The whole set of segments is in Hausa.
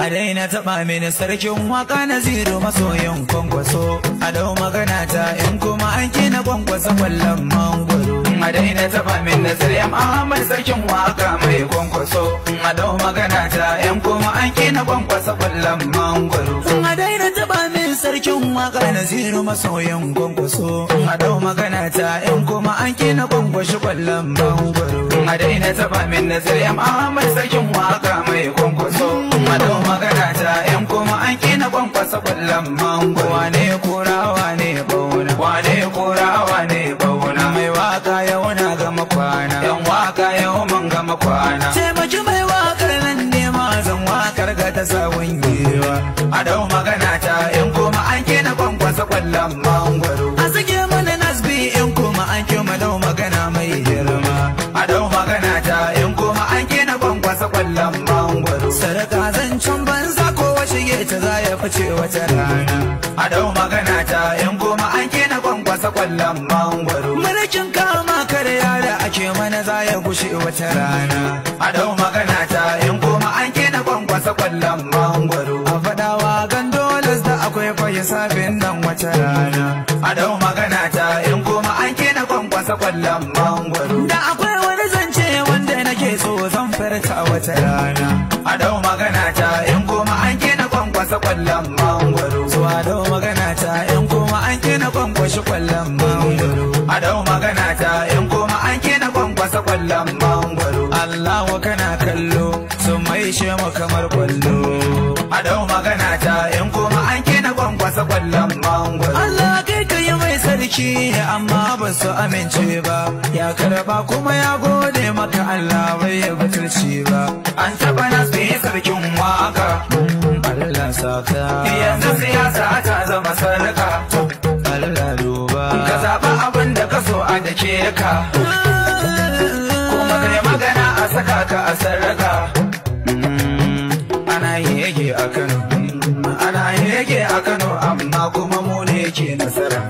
A daina taɓa mini sarkin waka na maso yin kwankwaso A dau magana ta in kuma an kina kwankwasa kwallon mangwaro A daina taɓa mini sarya mai sarkin waka mai kwankwaso A dau magana ta in kuma an kina kwankwasa kwallon mangwaro A daina taɓa mini sarkin waka na maso yin kwankwaso A dau magana ta in kuma an kina kwankwashi kwallon mangwaro A daina taɓa mini sarya mai sarkin waka mai kwankwaso madau magana ta yan kuma an kina kwankwasa kullum mango wane kura wane bauna wane kura wane bauna mai waka yau na gama kwana yan waka yau mun gama kwana sai maji mai wakar nan ne ma zan wakar ga ta sawun yewa a dau magana ta yan kuma an kina kwankwasa kullum mangwaro a sake mana nasbi yan kuma an kima dau magana mai girma a dau magana ta yan kuma an kina kwankwasa kullum sarka zancen banza ko wace ta za ya fice wata rana a dau magana ta yan goma an kena kwankwasa kwallon mangwaro mulkin kama karya da ake mana za ya gushe wata rana a dau magana ta yan goma an kena kwankwasa kwallon mangwaro a fadawa gandolas da akwai fayi sabin nan wata rana a dau magana ta yan goma an kena kwankwasa kwallon mangwaro da akwai wani zance wanda nake so zan farta wata rana a dau kwallon mangwaro a dau magana ta yan koma an kena kwankwashi kwallon mangwaro a dau magana ta yan koma an kena kwankwasa kwallon mangwaro Allahu kana kallo su mai she mu kamar kwallo a dau magana ta yan koma an kena kwankwasa kwallon mangwaro Allah kai yi mai sarki amma ba su amince ba ya karba kuma ya gode maka Allah bai ya batulci ba an taba nasu sarkin waka saka yanzu siyasa ta zama sarka Allah duba ka zaba abin da ka so a dake ka kuma kai magana a saka ka a sarka mm. ana yege a Kano ana yege a Kano amma kuma mu ne ke nasara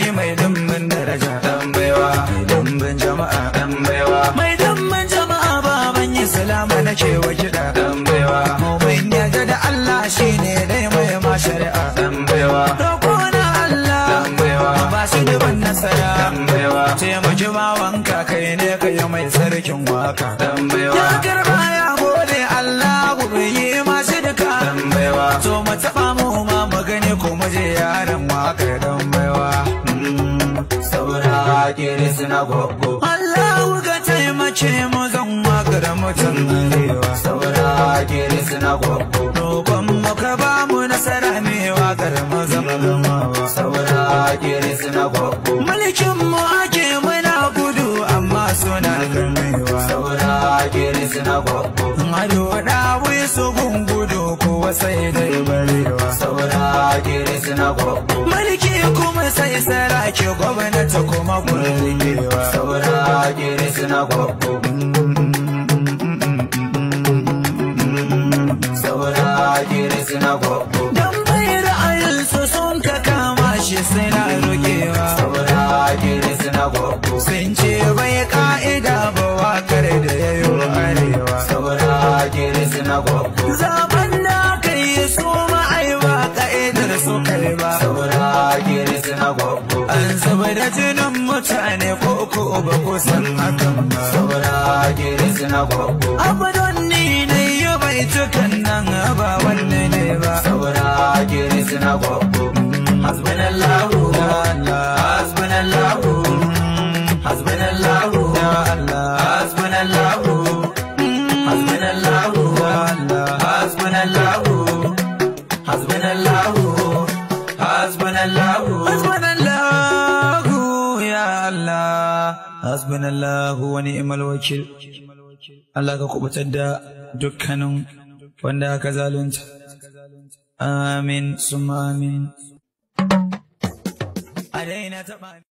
yi mai dimbin daraja dan baiwa dimbin jama'a dan baiwa mai dimbin jama'a baban yi salama nake wa kiɗa dan baiwa taimaki wanka kai ne ka yi mai sarkin waka ya karba ya gode Allah gobe yi masu duka so mu taba mu ma magani ko mu je yaran waka dan baiwa saboda kiri suna gogo Allah ga taimake mu zan waka da mutum saboda kiri suna gogo suna kallewa saura gere suna gwaggo ado da wai su gungudu kowa sai dai barewa saura gere suna gwaggo mulki kuma sai sarake gwamnati kuma kullewa saura gere suna gwaggo saura gere suna gwaggo dan bai ra'ayinsu sun ka kama shi suna rokewa saura gere suna gwaggo Zaben na kai so ma ai ba ka'idar so kai ba. Saboda giris na gwaggo. An zuba da jinin mutane ko ko ba ku san hakan ba. Saboda giris na gwaggo. Abadan ni ne ya bai tukan nan ba wanne ne ba. Saboda giris na gwaggo. Allah ya Allah hasbunallah wa ni'mal wakil Allah ka kubutar da dukkanin wanda ka zalunta amin suma amin